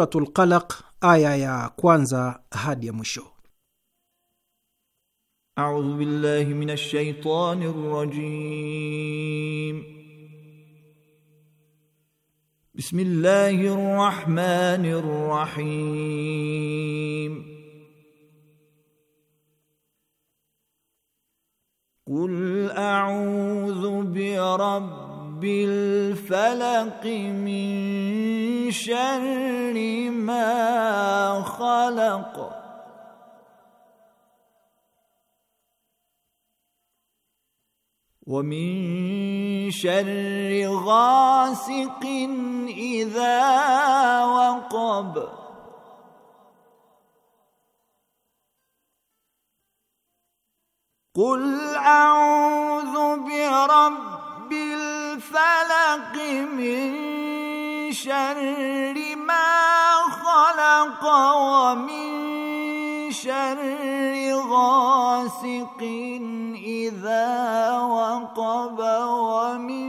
Suratul Qalaq aya ya kwanza hadi ya mwisho. A'udhu billahi minash shaitanir rajim. Bismillahir rahmanir rahim. a'udhu bi rabbi رب الفلق من شر ما خلق ومن شر غاسق إذا وقب قل أعوذ برب بالفلق من شر ما خلق ومن شر غاسق إذا وقب ومن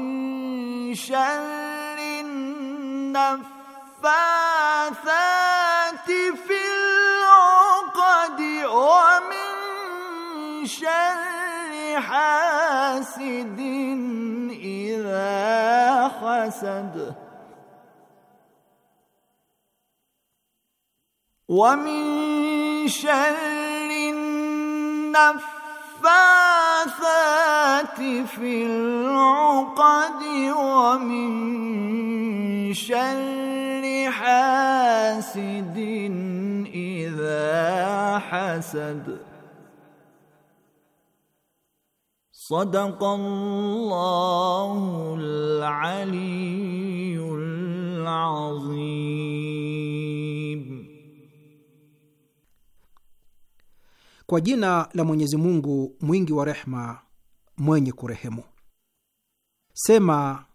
شر النفاثات في العقد ومن شر حاسد حسد ومن شر النفاثات في العقد ومن شر حاسد إذا حسد صدق الله العلي العظيم. Kwa jina la Mwenyezi Mungu mwingi wa rehema mwenye kurehemu. Sema,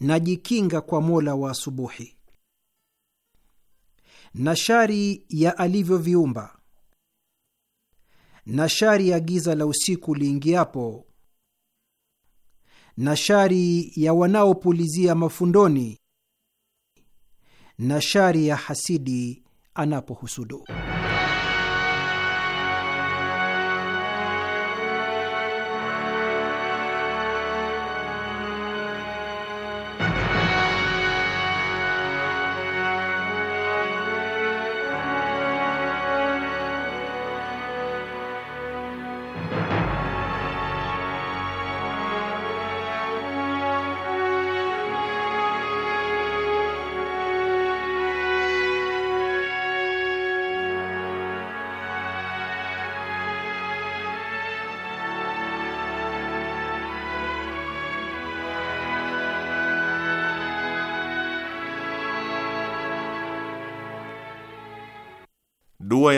najikinga kwa Mola wa asubuhi na shari ya alivyoviumba na shari ya giza la usiku liingiapo, na shari ya wanaopulizia mafundoni, na shari ya hasidi anapohusudu.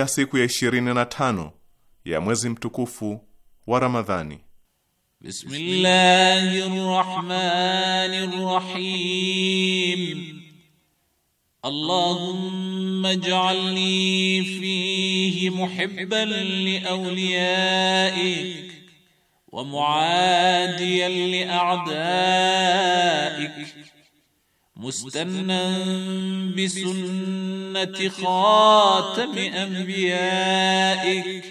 ya siku ya 25 ya mwezi mtukufu wa Ramadhani. Bismillahir Rahmanir Rahim. Allahumma ij'alni fihi muhibban li awliyaik wa muadiyan li a'daik مستنا بسنة خاتم أنبيائك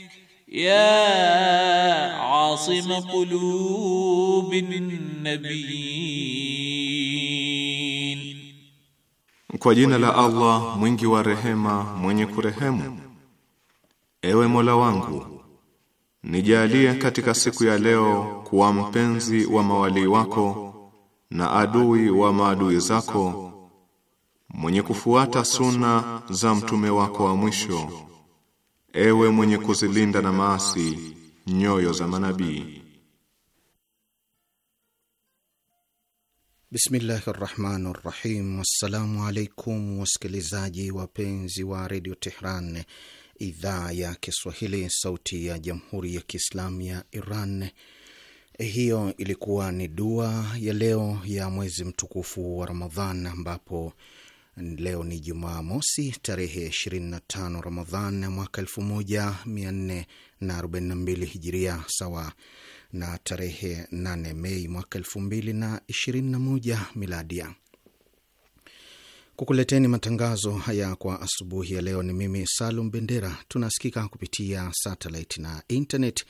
يا عاصم قلوب النبيين Kwa jina la Allah mwingi wa rehema mwenye kurehemu, ewe Mola wangu nijalie katika siku ya leo kuwa mpenzi wa mawalii wako na adui wa maadui zako, mwenye kufuata suna za mtume wako wa mwisho, ewe mwenye kuzilinda na maasi nyoyo za manabii. Bismillahi rahmani rahim Assalamu alaikum wasikilizaji wapenzi wa redio Tehran, idhaa ya Kiswahili, sauti ya jamhuri ya kiislamu ya Iran hiyo ilikuwa ni dua ya leo ya mwezi mtukufu wa Ramadhan, ambapo leo ni Jumaa mosi tarehe 25 Ramadhan mwaka 1442 Hijiria, sawa na tarehe 8 Mei mwaka 2021 Miladia. Kukuleteni matangazo haya kwa asubuhi ya leo ni mimi Salum Bendera. Tunasikika kupitia satelit na internet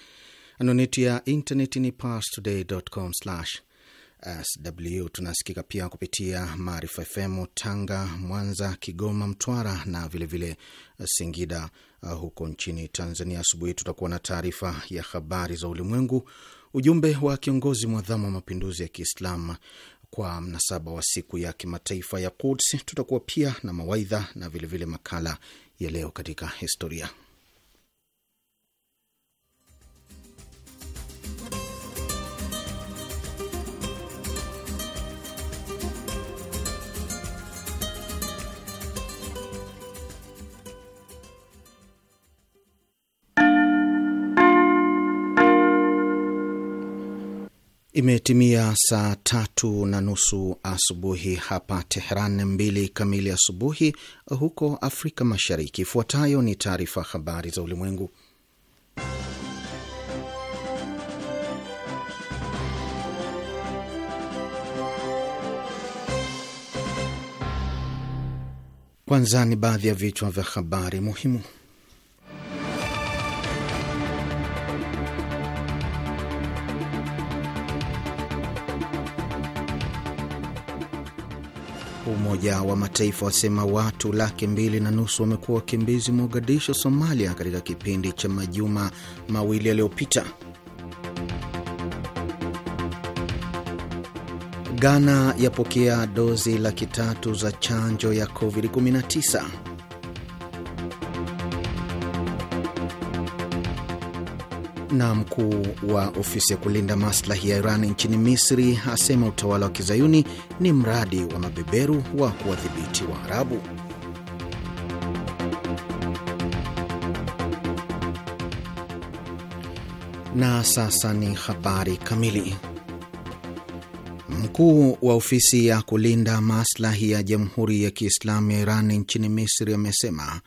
Anoneti ya intaneti ni parstoday.com/sw. Tunasikika pia kupitia Maarifa FM Tanga, Mwanza, Kigoma, Mtwara na vilevile vile Singida uh, huko nchini Tanzania. Asubuhi tutakuwa na taarifa ya habari za ulimwengu, ujumbe wa kiongozi mwadhamu wa mapinduzi ya Kiislamu kwa mnasaba wa siku ya kimataifa ya Quds. Tutakuwa pia na mawaidha na vilevile vile makala ya leo katika historia. Imetimia saa tatu na nusu asubuhi hapa Teheran, mbili kamili asubuhi huko Afrika Mashariki. Ifuatayo ni taarifa habari za ulimwengu. Kwanza ni baadhi ya vichwa vya habari muhimu. Umoja wa Mataifa wasema watu laki mbili na nusu wamekuwa wakimbizi Mogadisho, Somalia, katika kipindi cha majuma mawili yaliyopita. Ghana yapokea dozi laki tatu za chanjo ya COVID-19. Na mkuu wa ofisi ya kulinda maslahi ya Iran nchini Misri asema utawala wa kizayuni ni mradi wa mabeberu wa kuwadhibiti Arabu. Na sasa ni habari kamili. Mkuu wa ofisi ya kulinda maslahi ya Jamhuri ya Kiislamu ya Iran nchini Misri amesema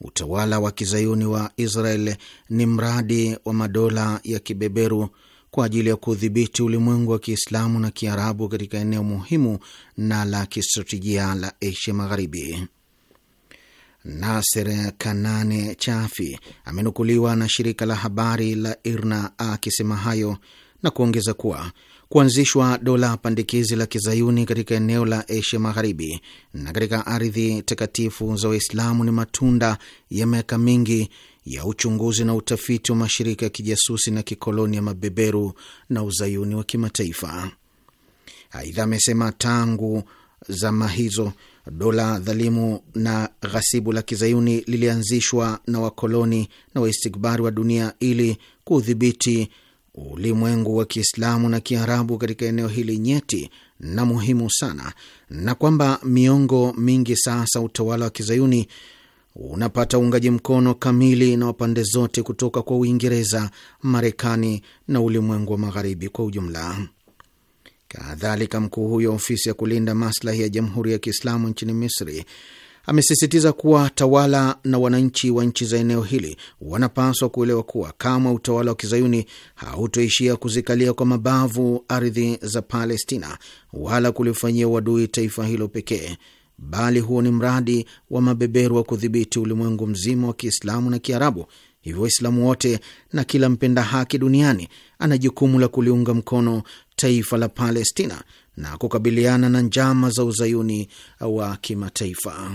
utawala wa kizayuni wa Israel ni mradi wa madola ya kibeberu kwa ajili ya kudhibiti ulimwengu wa Kiislamu na Kiarabu katika eneo muhimu na la kistratejia la Asia Magharibi. Naser Kanane Chafi amenukuliwa na shirika la habari la IRNA akisema hayo na kuongeza kuwa kuanzishwa dola pandikizi la kizayuni katika eneo la Asia Magharibi na katika ardhi takatifu za Waislamu ni matunda ya miaka mingi ya uchunguzi na utafiti wa mashirika ya kijasusi na kikoloni ya mabeberu na uzayuni wa kimataifa. Aidha, amesema tangu zama hizo dola dhalimu na ghasibu la kizayuni lilianzishwa na wakoloni na waistikbari wa dunia ili kudhibiti ulimwengu wa Kiislamu na Kiarabu katika eneo hili nyeti na muhimu sana, na kwamba miongo mingi sasa utawala wa kizayuni unapata uungaji mkono kamili na wapande zote kutoka kwa Uingereza, Marekani na ulimwengu wa Magharibi kwa ujumla. Kadhalika, mkuu huyo ofisi ya kulinda maslahi ya jamhuri ya Kiislamu nchini Misri amesisitiza kuwa tawala na wananchi wa nchi za eneo hili wanapaswa kuelewa kuwa kama utawala wa kizayuni hautoishia kuzikalia kwa mabavu ardhi za Palestina wala kulifanyia uadui taifa hilo pekee, bali huo ni mradi wa mabeberu wa kudhibiti ulimwengu mzima wa Kiislamu na Kiarabu. Hivyo Waislamu wote na kila mpenda haki duniani ana jukumu la kuliunga mkono taifa la Palestina na kukabiliana na njama za uzayuni wa kimataifa.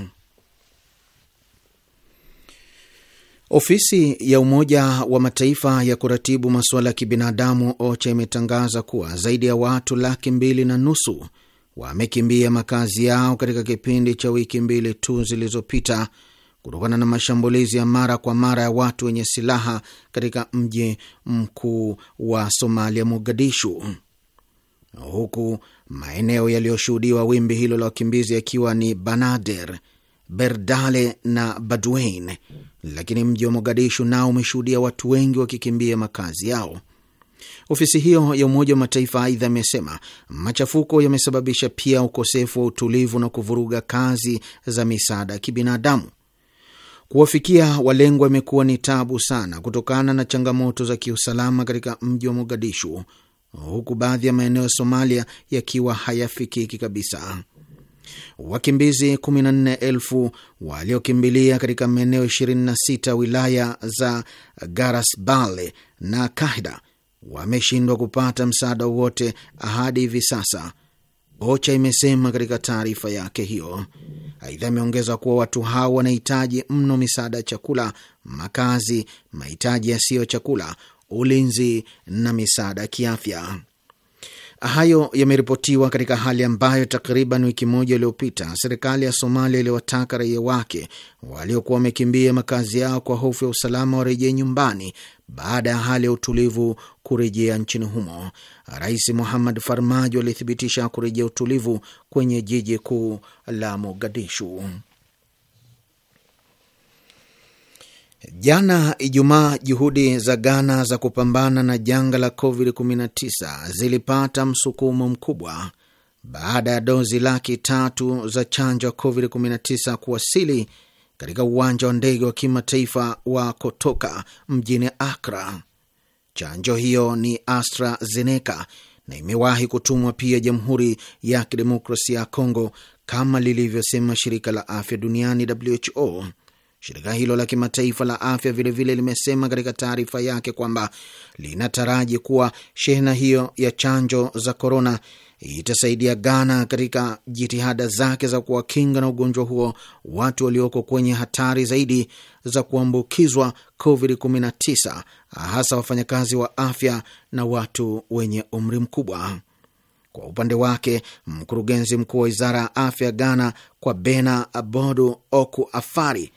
Ofisi ya Umoja wa Mataifa ya kuratibu masuala ya kibinadamu OCHA imetangaza kuwa zaidi ya watu laki mbili na nusu wamekimbia makazi yao katika kipindi cha wiki mbili tu zilizopita kutokana na mashambulizi ya mara kwa mara ya watu wenye silaha katika mji mkuu wa Somalia, Mogadishu, huku maeneo yaliyoshuhudiwa wimbi hilo la wakimbizi yakiwa ni banader Berdale na Badwein lakini mji wa Mogadishu nao umeshuhudia watu wengi wakikimbia makazi yao. Ofisi hiyo ya Umoja wa Mataifa aidha imesema machafuko yamesababisha pia ukosefu wa utulivu na kuvuruga kazi za misaada ya kibinadamu. Kuwafikia walengwa imekuwa ni tabu sana kutokana na changamoto za kiusalama katika mji wa Mogadishu, huku baadhi ya maeneo ya Somalia yakiwa hayafikiki kabisa. Wakimbizi 14,000 waliokimbilia katika maeneo 26 wilaya za Garasbale na Kahda wameshindwa kupata msaada wote hadi hivi sasa, OCHA imesema katika taarifa yake hiyo. Aidha, ameongeza kuwa watu hao wanahitaji mno misaada ya chakula, makazi, mahitaji yasiyo chakula, ulinzi na misaada ya kiafya. Hayo yameripotiwa katika hali ambayo takriban wiki moja iliyopita serikali ya Somalia iliwataka raia wake waliokuwa wamekimbia makazi yao kwa hofu ya usalama warejee nyumbani baada ya hali ya utulivu kurejea nchini humo. Rais Muhammad Farmajo alithibitisha kurejea utulivu kwenye jiji kuu la Mogadishu. Jana Ijumaa, juhudi za Ghana za kupambana na janga la COVID-19 zilipata msukumo mkubwa baada ya dozi laki tatu za chanjo ya COVID-19 kuwasili katika uwanja wa ndege wa kimataifa wa Kotoka mjini Akra. Chanjo hiyo ni AstraZeneca na imewahi kutumwa pia Jamhuri ya Kidemokrasia ya Kongo, kama lilivyosema shirika la afya duniani WHO. Shirika hilo la kimataifa la afya vilevile vile limesema katika taarifa yake kwamba linataraji kuwa shehena hiyo ya chanjo za korona itasaidia Ghana katika jitihada zake za kuwakinga na ugonjwa huo watu walioko kwenye hatari zaidi za kuambukizwa COVID-19, hasa wafanyakazi wa afya na watu wenye umri mkubwa. Kwa upande wake mkurugenzi mkuu wa wizara ya afya Ghana, kwa bena Abodu Oku Afari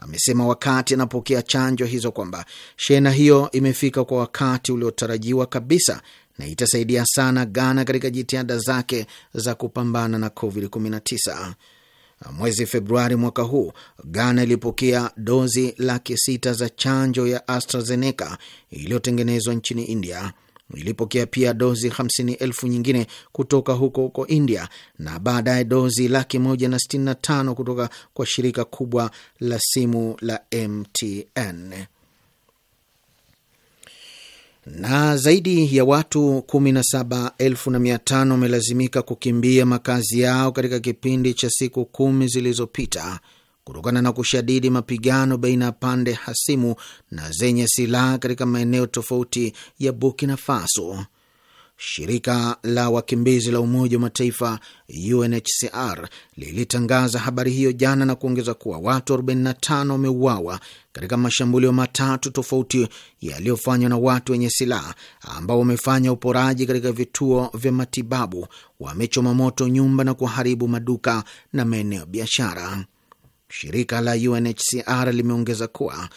amesema wakati anapokea chanjo hizo kwamba shehena hiyo imefika kwa wakati uliotarajiwa kabisa na itasaidia sana Ghana katika jitihada zake za kupambana na COVID-19. Mwezi Februari mwaka huu Ghana ilipokea dozi laki sita za chanjo ya AstraZeneca iliyotengenezwa nchini India ilipokea pia dozi hamsini elfu nyingine kutoka huko huko India na baadaye dozi laki moja na sitini na tano kutoka kwa shirika kubwa la simu la MTN na zaidi ya watu 17,500 wamelazimika kukimbia makazi yao katika kipindi cha siku kumi zilizopita kutokana na kushadidi mapigano baina ya pande hasimu na zenye silaha katika maeneo tofauti ya Burkina Faso. Shirika la wakimbizi la Umoja wa Mataifa UNHCR lilitangaza habari hiyo jana na kuongeza kuwa watu 45 wameuawa katika mashambulio matatu tofauti yaliyofanywa na watu wenye silaha ambao wamefanya uporaji katika vituo vya matibabu, wamechoma moto nyumba na kuharibu maduka na maeneo ya biashara. Shirika la UNHCR limeongeza kuwa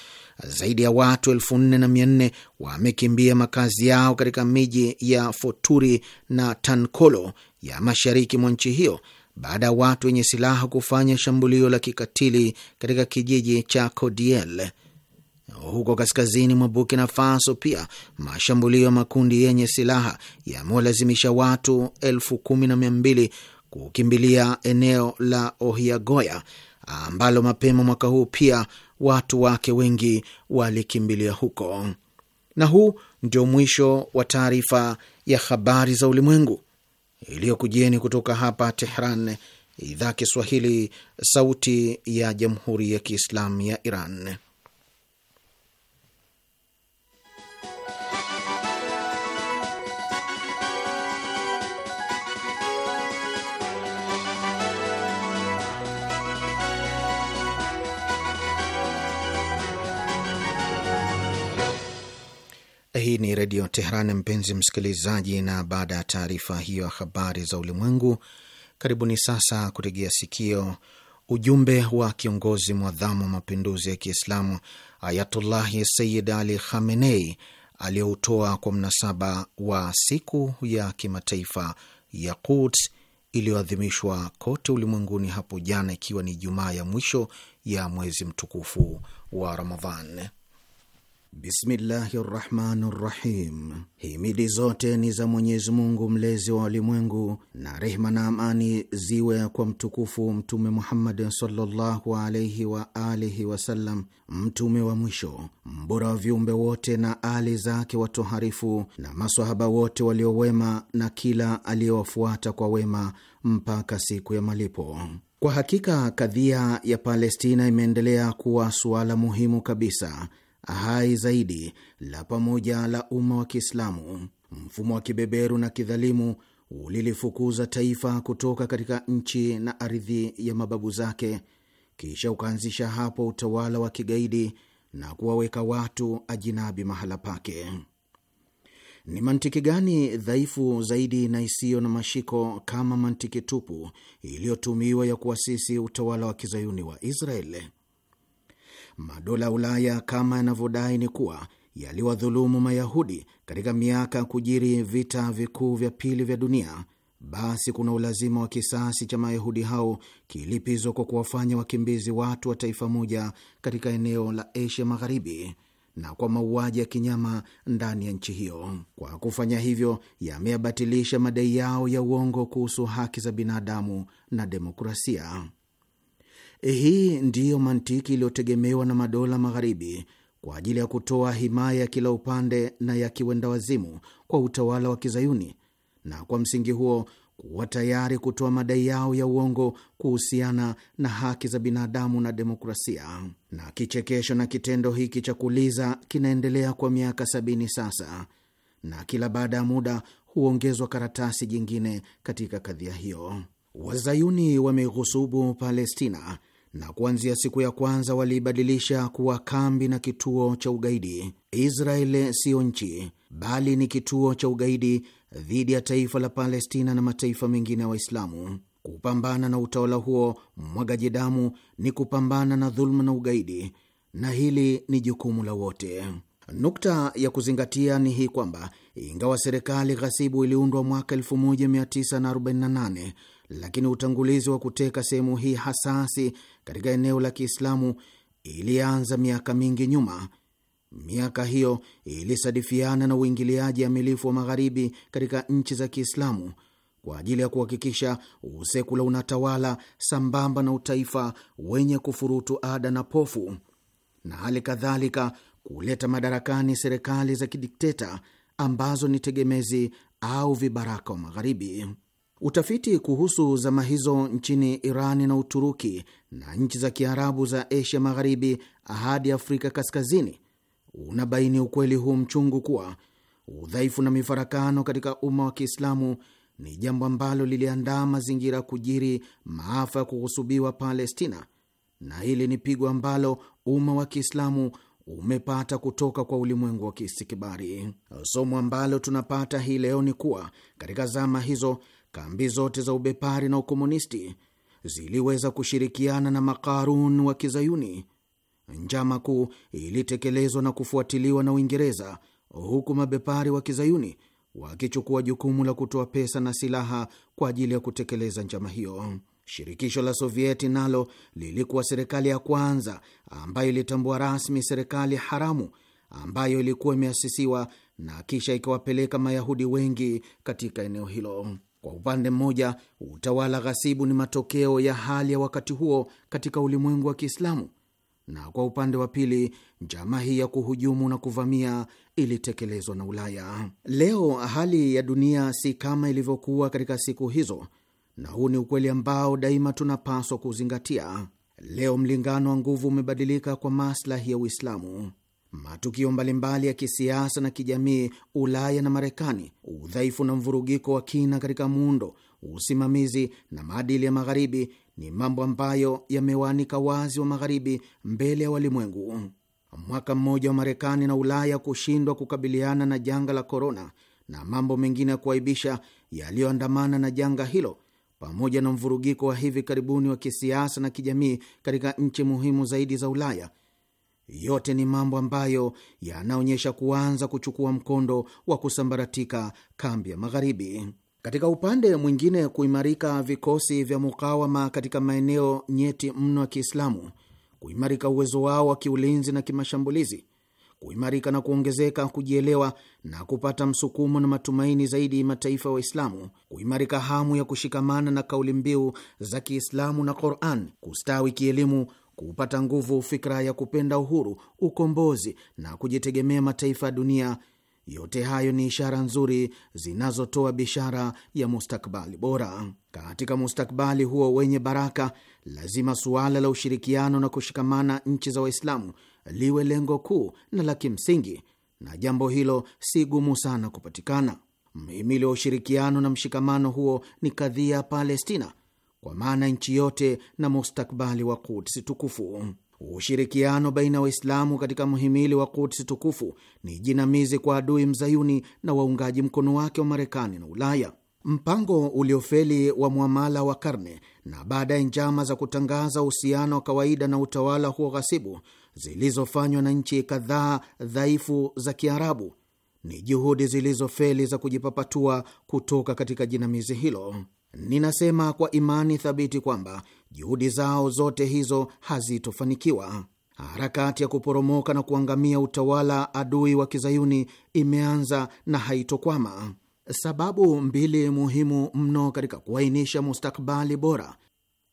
zaidi ya watu 44 wamekimbia makazi yao katika miji ya Foturi na Tankolo ya mashariki mwa nchi hiyo baada ya watu wenye silaha kufanya shambulio la kikatili katika kijiji cha Kodiel huko kaskazini mwa Burkina Faso. Pia mashambulio ya makundi yenye silaha yamewalazimisha watu elfu kumi na mia mbili kukimbilia eneo la Ohiagoya ambalo mapema mwaka huu pia watu wake wengi walikimbilia huko. Na huu ndio mwisho wa taarifa ya habari za ulimwengu iliyokujieni kutoka hapa Tehran, idhaa Kiswahili, sauti ya jamhuri ya kiislamu ya Iran. Hii ni Redio Teheran, mpenzi msikilizaji, na baada ya taarifa hiyo ya habari za ulimwengu, karibuni sasa kutegea sikio ujumbe wa kiongozi mwadhamu wa mapinduzi ya Kiislamu Ayatullahi Sayyid Ali Khamenei aliyoutoa kwa mnasaba wa siku ya kimataifa ya Quds iliyoadhimishwa kote ulimwenguni hapo jana, ikiwa ni Ijumaa ya mwisho ya mwezi mtukufu wa Ramadhan. Bismillahi rrahmani rrahim. Himidi zote ni za Mwenyezi Mungu mlezi wa walimwengu, na rehma na amani ziwe kwa mtukufu Mtume Muhammad sallallahu alaihi wa alihi wasallam, mtume wa mwisho, mbora wa viumbe wote, na ali zake watoharifu na masahaba wote waliowema, na kila aliyewafuata kwa wema mpaka siku ya malipo. Kwa hakika kadhia ya Palestina imeendelea kuwa suala muhimu kabisa hai zaidi la pamoja la umma wa Kiislamu. Mfumo wa kibeberu na kidhalimu ulilifukuza taifa kutoka katika nchi na ardhi ya mababu zake, kisha ukaanzisha hapo utawala wa kigaidi na kuwaweka watu ajinabi mahala pake. Ni mantiki gani dhaifu zaidi na isiyo na mashiko kama mantiki tupu iliyotumiwa ya kuasisi utawala wa kizayuni wa Israeli? madola ya Ulaya kama yanavyodai ni kuwa yaliwadhulumu Mayahudi katika miaka ya kujiri vita vikuu vya pili vya dunia, basi kuna ulazima wa kisasi cha Mayahudi hao kilipizwa kwa kuwafanya wakimbizi watu wa taifa moja katika eneo la Asia Magharibi na kwa mauaji ya kinyama ndani ya nchi hiyo. Kwa kufanya hivyo, yameyabatilisha madai yao ya uongo kuhusu haki za binadamu na demokrasia. Hii ndiyo mantiki iliyotegemewa na madola magharibi kwa ajili ya kutoa himaya ya kila upande na ya kiwendawazimu kwa utawala wa kizayuni na kwa msingi huo kuwa tayari kutoa madai yao ya uongo kuhusiana na haki za binadamu na demokrasia. Na kichekesho na kitendo hiki cha kuliza kinaendelea kwa miaka sabini sasa, na kila baada ya muda huongezwa karatasi jingine katika kadhia hiyo. Wazayuni wameghusubu Palestina na kuanzia siku ya kwanza waliibadilisha kuwa kambi na kituo cha ugaidi. Israeli siyo nchi, bali ni kituo cha ugaidi dhidi ya taifa la Palestina na mataifa mengine ya wa Waislamu. Kupambana na utawala huo mwagaji damu ni kupambana na dhuluma na ugaidi, na hili ni jukumu la wote. Nukta ya kuzingatia ni hii kwamba ingawa serikali ghasibu iliundwa mwaka 1948 lakini utangulizi wa kuteka sehemu hii hasasi katika eneo la Kiislamu ilianza miaka mingi nyuma. Miaka hiyo ilisadifiana na uingiliaji amilifu wa Magharibi katika nchi za Kiislamu kwa ajili ya kuhakikisha usekula unatawala sambamba na utaifa wenye kufurutu ada na pofu, na hali kadhalika kuleta madarakani serikali za kidikteta ambazo ni tegemezi au vibaraka wa Magharibi. Utafiti kuhusu zama hizo nchini Irani na Uturuki na nchi za Kiarabu za Asia Magharibi hadi Afrika Kaskazini unabaini ukweli huu mchungu kuwa udhaifu na mifarakano katika umma wa Kiislamu ni jambo ambalo liliandaa mazingira ya kujiri maafa ya kuhusubiwa Palestina, na hili ni pigo ambalo umma wa Kiislamu umepata kutoka kwa ulimwengu wa kisikibari Somo ambalo tunapata hii leo ni kuwa katika zama hizo kambi zote za ubepari na ukomunisti ziliweza kushirikiana na makarun wa Kizayuni. Njama kuu ilitekelezwa na kufuatiliwa na Uingereza, huku mabepari wa Kizayuni wakichukua jukumu la kutoa pesa na silaha kwa ajili ya kutekeleza njama hiyo. Shirikisho la Sovieti nalo lilikuwa serikali ya kwanza ambayo ilitambua rasmi serikali haramu ambayo ilikuwa imeasisiwa na kisha ikawapeleka Mayahudi wengi katika eneo hilo. Kwa upande mmoja, utawala ghasibu ni matokeo ya hali ya wakati huo katika ulimwengu wa Kiislamu, na kwa upande wa pili, njama hii ya kuhujumu na kuvamia ilitekelezwa na Ulaya. Leo hali ya dunia si kama ilivyokuwa katika siku hizo, na huu ni ukweli ambao daima tunapaswa kuzingatia. Leo mlingano wa nguvu umebadilika kwa maslahi ya Uislamu matukio mbalimbali ya kisiasa na kijamii Ulaya na Marekani, udhaifu na mvurugiko wa kina katika muundo, usimamizi na maadili ya Magharibi ni mambo ambayo yamewaanika wazi wa Magharibi mbele ya walimwengu. Mwaka mmoja wa Marekani na Ulaya kushindwa kukabiliana na janga la korona na mambo mengine ya kuaibisha yaliyoandamana na janga hilo pamoja na mvurugiko wa hivi karibuni wa kisiasa na kijamii katika nchi muhimu zaidi za Ulaya yote ni mambo ambayo yanaonyesha kuanza kuchukua mkondo wa kusambaratika kambi ya Magharibi. Katika upande mwingine, kuimarika vikosi vya mukawama katika maeneo nyeti mno ya Kiislamu, kuimarika uwezo wao wa kiulinzi na kimashambulizi, kuimarika na kuongezeka kujielewa na kupata msukumo na matumaini zaidi mataifa ya Waislamu, kuimarika hamu ya kushikamana na kauli mbiu za Kiislamu na Quran, kustawi kielimu kupata nguvu fikra ya kupenda uhuru, ukombozi na kujitegemea mataifa ya dunia. Yote hayo ni ishara nzuri zinazotoa bishara ya mustakbali bora. Katika mustakbali huo wenye baraka, lazima suala la ushirikiano na kushikamana nchi za Waislamu liwe lengo kuu na la kimsingi, na jambo hilo si gumu sana kupatikana. Mhimili wa ushirikiano na mshikamano huo ni kadhia ya Palestina kwa maana nchi yote na mustakbali wa Kudsi tukufu. Ushirikiano baina ya Waislamu katika mhimili wa Kudsi tukufu ni jinamizi kwa adui mzayuni na waungaji mkono wake wa Marekani na Ulaya. Mpango uliofeli wa mwamala wa karne na baadaye njama za kutangaza uhusiano wa kawaida na utawala huo ghasibu zilizofanywa na nchi kadhaa dhaifu za Kiarabu ni juhudi zilizofeli za kujipapatua kutoka katika jinamizi hilo. Ninasema kwa imani thabiti kwamba juhudi zao zote hizo hazitofanikiwa. Harakati ya kuporomoka na kuangamia utawala adui wa kizayuni imeanza na haitokwama. Sababu mbili muhimu mno katika kuainisha mustakbali bora.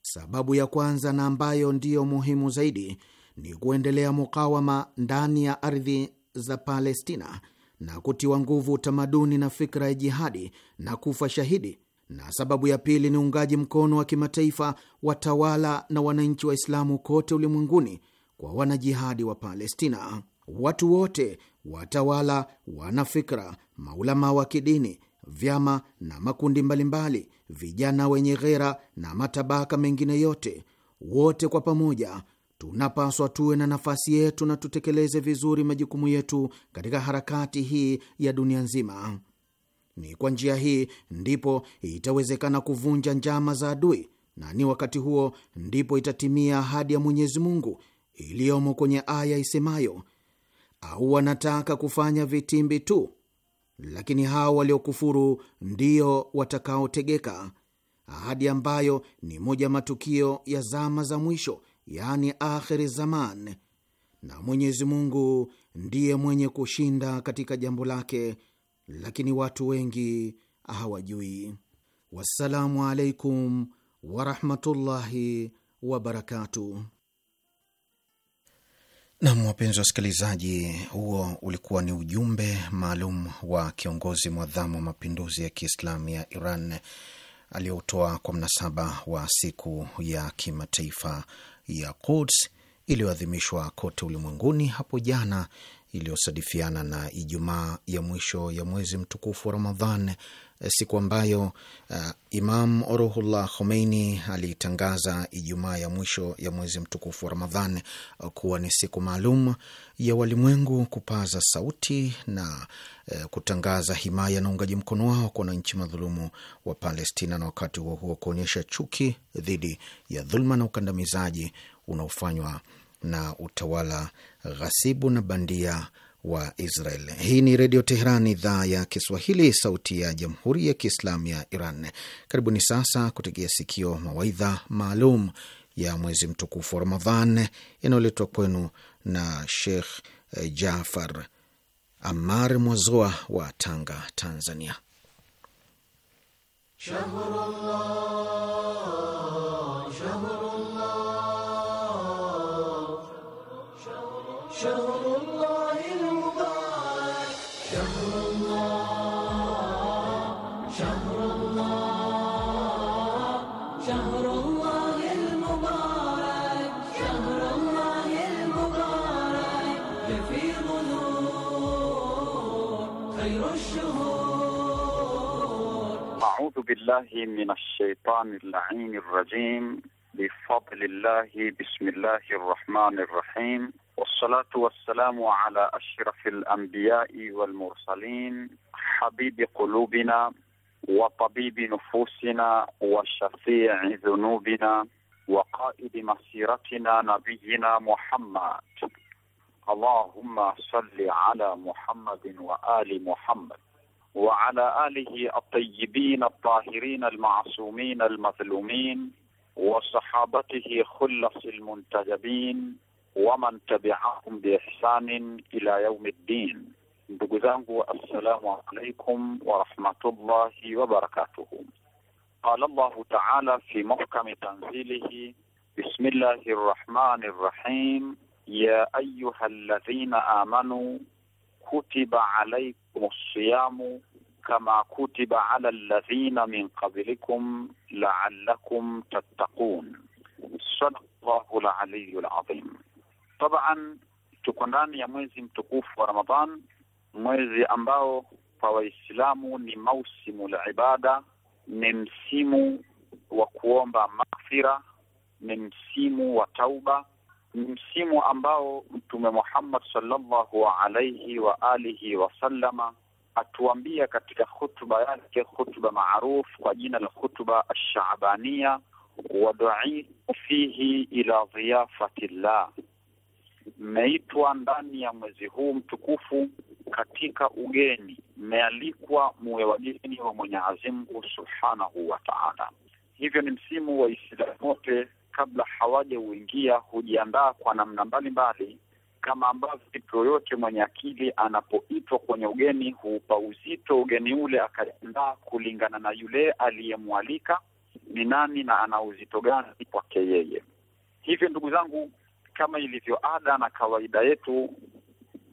Sababu ya kwanza na ambayo ndiyo muhimu zaidi ni kuendelea mukawama ndani ya ardhi za Palestina na kutiwa nguvu utamaduni na fikra ya jihadi na kufa shahidi na sababu ya pili ni uungaji mkono wa kimataifa watawala na wananchi Waislamu kote ulimwenguni kwa wanajihadi wa Palestina. Watu wote, watawala, wanafikra, maulama wa kidini, vyama na makundi mbalimbali, vijana wenye ghera na matabaka mengine yote, wote kwa pamoja tunapaswa tuwe na nafasi yetu na tutekeleze vizuri majukumu yetu katika harakati hii ya dunia nzima. Ni kwa njia hii ndipo itawezekana kuvunja njama za adui, na ni wakati huo ndipo itatimia ahadi ya Mwenyezi Mungu iliyomo kwenye aya isemayo, au wanataka kufanya vitimbi tu, lakini hao waliokufuru ndio watakaotegeka. Ahadi ambayo ni moja ya matukio ya zama za mwisho, yaani akhiri zaman, na Mwenyezi Mungu ndiye mwenye kushinda katika jambo lake lakini watu wengi hawajui. Wassalamu alaikum warahmatullahi wabarakatuh. Nam, wapenzi wa wasikilizaji, huo ulikuwa ni ujumbe maalum wa kiongozi mwadhamu wa mapinduzi ya Kiislamu ya Iran aliyotoa kwa mnasaba wa siku ya kimataifa ya Quds iliyoadhimishwa kote ulimwenguni hapo jana iliyosadifiana na Ijumaa ya mwisho ya mwezi mtukufu wa Ramadhan, eh, siku ambayo uh, Imam Ruhullah Khomeini alitangaza Ijumaa ya mwisho ya mwezi mtukufu wa Ramadhan eh, kuwa ni siku maalum ya walimwengu kupaza sauti na uh, kutangaza himaya na uungaji mkono wao kwa wananchi madhulumu wa Palestina, na wakati huo huo kuonyesha chuki dhidi ya dhuluma na ukandamizaji unaofanywa na utawala ghasibu na bandia wa Israel. Hii ni Redio Teheran, idhaa ya Kiswahili, sauti ya Jamhuri ya Kiislamu ya Iran. Karibuni sasa kutegea sikio mawaidha maalum ya mwezi mtukufu wa Ramadhan yanayoletwa kwenu na Sheikh eh, Jafar amar Mwazoa wa Tanga, Tanzania. Shahrullah. بالله من الشيطان اللعين الرجيم بفضل الله بسم الله الرحمن الرحيم والصلاة والسلام على أشرف الأنبياء والمرسلين حبيب قلوبنا وطبيب نفوسنا وشفيع ذنوبنا وقائد مسيرتنا نبينا محمد اللهم صل على محمد وآل محمد وعلى اله الطيبين الطاهرين المعصومين المظلومين وصحابته خلص المنتجبين ومن تبعهم باحسان الى يوم الدين السلام عليكم ورحمه الله وبركاته قال الله تعالى في محكم تنزيله بسم الله الرحمن الرحيم يا ايها الذين امنوا kutiba alaikum siyamu kama kutiba ala alladhina min qablikum laallakum tattaqun, sadaqallahu aliyul adhim. Taban, tuko ndani ya mwezi mtukufu wa Ramadhan, mwezi ambao kwa Waislamu ni mausimu la ibada, ni msimu wa kuomba maghfira, ni msimu wa tauba ni msimu ambao Mtume Muhammad sallallahu alaihi wa alihi wasallama atuambia katika khutba yake, khutba maarufu kwa jina la khutba Ashabania, waduitu fihi ila dhiyafati llah, mmeitwa ndani ya mwezi huu mtukufu katika ugeni, mmealikwa muwe wageni wa Mwenyezi Mungu subhanahu wa taala. Hivyo ni msimu wa Islamu wote kabla hawajauingia hujiandaa kwa namna mbalimbali, kama ambavyo mtu yoyote mwenye akili anapoitwa kwenye ugeni huupa uzito ugeni ule, akajiandaa kulingana na yule aliyemwalika ni nani na ana uzito gani kwake yeye. Hivyo ndugu zangu, kama ilivyo ada na kawaida yetu,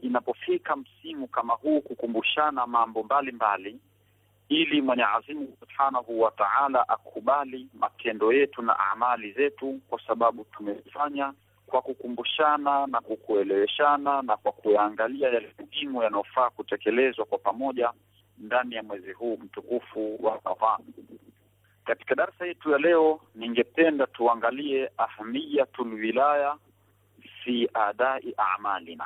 inapofika msimu kama huu kukumbushana mambo mbalimbali mbali, ili Mwenyezi Mungu Subhanahu wa Ta'ala akubali matendo yetu na amali zetu, kwa sababu tumefanya kwa kukumbushana na kukueleweshana na kwa kuyaangalia yale muhimu yanayofaa kutekelezwa kwa pamoja ndani ya mwezi huu mtukufu wa Ramadhani. Katika darsa yetu ya leo, ningependa tuangalie ahamiyatul wilaya fi adai amalina,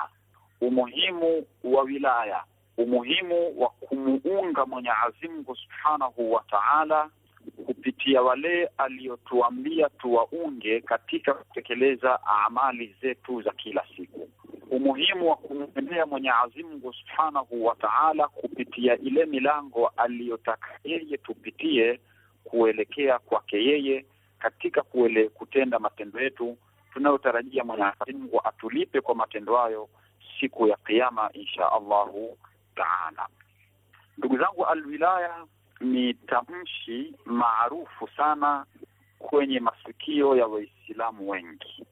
umuhimu wa wilaya umuhimu wa kumuunga Mwenyezi Mungu Subhanahu wa Ta'ala kupitia wale aliyotuambia tuwaunge katika kutekeleza amali zetu za kila siku, umuhimu wa kumwendea Mwenyezi Mungu Subhanahu wa Ta'ala kupitia ile milango aliyotaka yeye tupitie kuelekea kwake yeye katika kuele, kutenda matendo yetu tunayotarajia Mwenyezi Mungu atulipe kwa matendo hayo siku ya Kiyama, insha Allahu taala. Ndugu zangu, alwilaya ni tamshi maarufu sana kwenye masikio ya Waislamu wengi.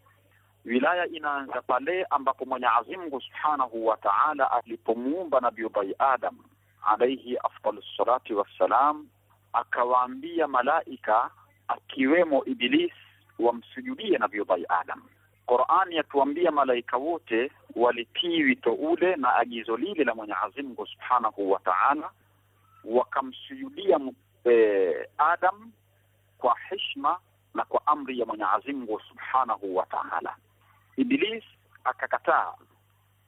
Wilaya inaanza pale ambapo Mwenyezi Mungu Subhanahu wa Ta'ala alipomuumba Nabii Adam alayhi afdalus salati wassalam, akawaambia malaika akiwemo Ibilisi wamsujudie Nabii Adam. Qur'ani yatuambia malaika wote walitii wito ule na agizo lile la Mwenyezi Mungu Subhanahu wa Ta'ala, wakamsujudia e, Adam kwa heshima na kwa amri ya Mwenyezi Mungu Subhanahu wa Ta'ala. Iblis akakataa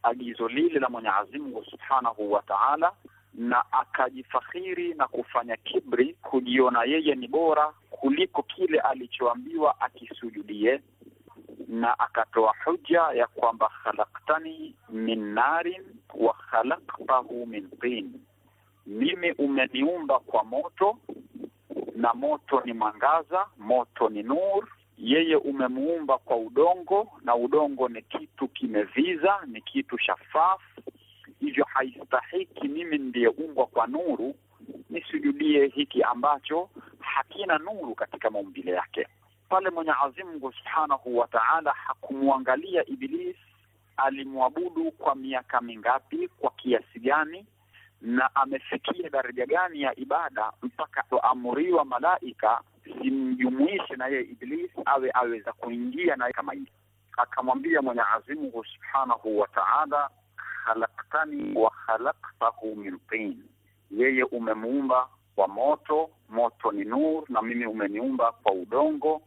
agizo lile la Mwenyezi Mungu Subhanahu wa Ta'ala na akajifakhiri na kufanya kibri, kujiona yeye ni bora kuliko kile alichoambiwa akisujudie na akatoa huja ya kwamba khalaktani min narin wa khalaktahu min tin, mimi umeniumba kwa moto na moto ni mwangaza, moto ni nur. Yeye umemuumba kwa udongo na udongo ni kitu kimeviza, ni kitu shafafu, hivyo haistahiki mimi umbwa kwa nuru nisujudie hiki ambacho hakina nuru katika maumbile yake pale Mwenyezi Mungu subhanahu wa taala hakumwangalia Ibilisi alimwabudu kwa miaka mingapi, kwa kiasi gani, na amefikia daraja gani ya ibada, mpaka toamuriwa malaika simjumuishe na yeye Ibilisi awe aweza kuingia naye kama hivi. Akamwambia Mwenyezi Mungu subhanahu wa taala, khalaktani wa khalaktahu min tin, yeye umemuumba kwa moto, moto ni nur, na mimi umeniumba kwa udongo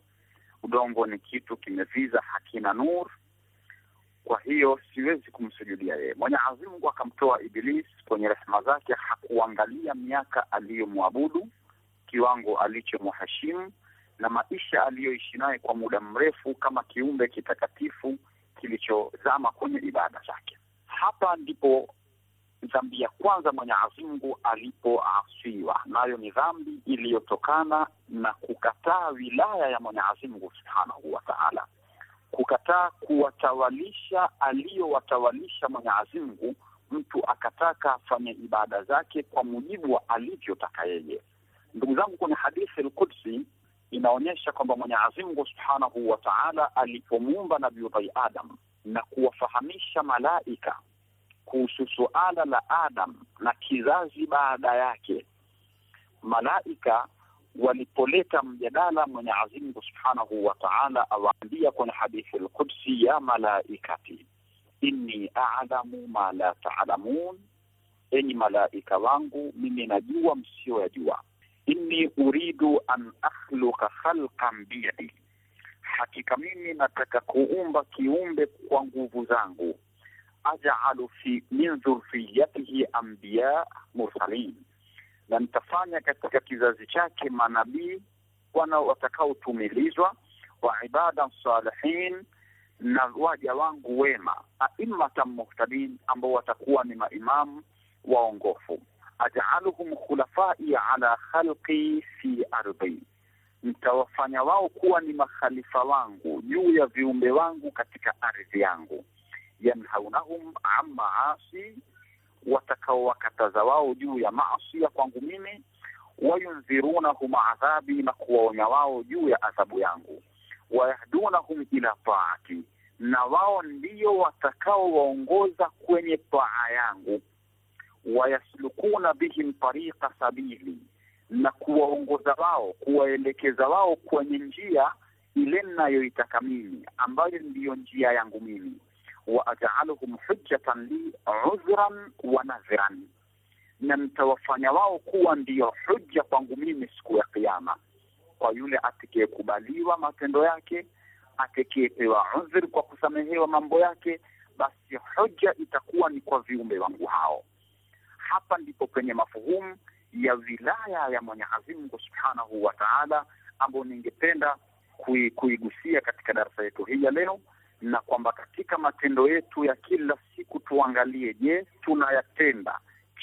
Udongo ni kitu kimeviza, hakina nur Kwa hiyo siwezi kumsujudia yeye. Mwenyezi Mungu akamtoa Iblis kwenye rehema zake, hakuangalia miaka aliyomwabudu, kiwango alichomheshimu na maisha aliyoishi naye kwa muda mrefu kama kiumbe kitakatifu kilichozama kwenye ibada zake. Hapa ndipo dhambi ya kwanza Mwenyezi Mungu alipoasiwa, nayo ni dhambi iliyotokana na kukataa wilaya ya Mwenyezi Mungu subhanahu wa taala, kukataa kuwatawalisha aliyowatawalisha Mwenyezi Mungu. Mtu akataka afanye ibada zake kwa mujibu wa alivyotaka yeye. Ndugu zangu, kwenye hadithi al inaonyesha kwamba Mwenyezi Mungu subhanahu wa taala alipomuumba Nabii Adam na kuwafahamisha malaika kuhusu suala la Adam na kizazi baada yake, malaika walipoleta mjadala, Mwenyezi Mungu subhanahu wa taala awaambia kwenye hadithi lqudsi ya malaikati inni a'lamu ma la ta'lamun, enyi malaika wangu mimi najua msio yajua Inni uridu an akhluqa khalqan biyadi, hakika mimi nataka kuumba kiumbe kwa nguvu zangu ajalu fi min dhurfiyatihi anbiya mursalin, na nitafanya katika kizazi chake manabii wana watakaotumilizwa wa ibada salihin, na waja wangu wema aimmatan muhtadin, ambao watakuwa ni maimamu waongofu. Ajaluhum khulafai ala khalqi fi ardhi, nitawafanya wao kuwa ni makhalifa wangu juu ya viumbe wangu katika ardhi yangu yanhaunahum an maasi, watakaowakataza wao juu ya maasi ya kwangu mimi, wayundhirunahum adhabi, na kuwaonya wao juu ya adhabu yangu, wayahdunahum ila taati, na wao ndio watakaowaongoza kwenye taa yangu, wayaslukuna bihim tariqa sabili, na kuwaongoza wao kuwaelekeza wao kwenye njia ile ninayoitaka mimi, ambayo ndiyo njia yangu mimi wa ajaaluhum hujjatan li udhran wa nadhiran, na mtawafanya wao kuwa ndiyo hujja kwangu mimi siku ya Kiyama, kwa yule atakayekubaliwa matendo yake, atakayepewa udhri kwa kusamehewa mambo yake, basi hujja itakuwa ni kwa viumbe wangu hao. Hapa ndipo penye mafuhumu ya wilaya ya Mwenyezi Mungu Subhanahu wa Ta'ala, ambayo ningependa kuigusia katika darasa yetu hii ya leo na kwamba katika matendo yetu ya kila siku tuangalie, je, tunayatenda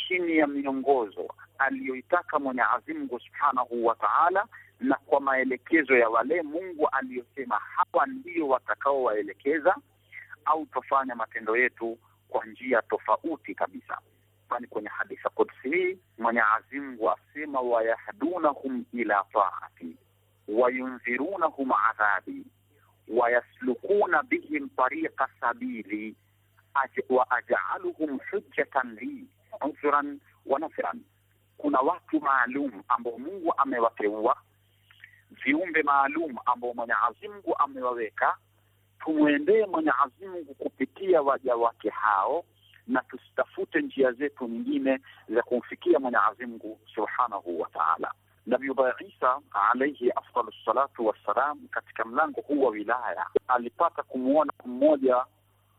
chini ya miongozo aliyoitaka Mwenyezi Mungu subhanahu wa taala na kwa maelekezo ya wale Mungu aliyosema hawa ndio watakaowaelekeza, au twafanya matendo yetu kwa njia tofauti kabisa. Kwani kwenye haditha kudsi hii Mwenyezi Mungu asema, wayahdunahum ila taati wayundhirunahum adhabi wayaslukuna bihim tariqa sabili wa ajaaluhum hujjatan li unsuran wa nasiran. Kuna watu maalum ambao Mungu amewateua, viumbe maalum ambao Mwenyezi Mungu amewaweka. Tumwendee Mwenyezi Mungu kupitia waja wake hao, na tusitafute njia zetu nyingine za kumfikia Mwenyezi Mungu subhanahu wa taala. Nabii Isa alaihi afdalu salatu wassalam, katika mlango huu wa wilaya alipata kumwona mmoja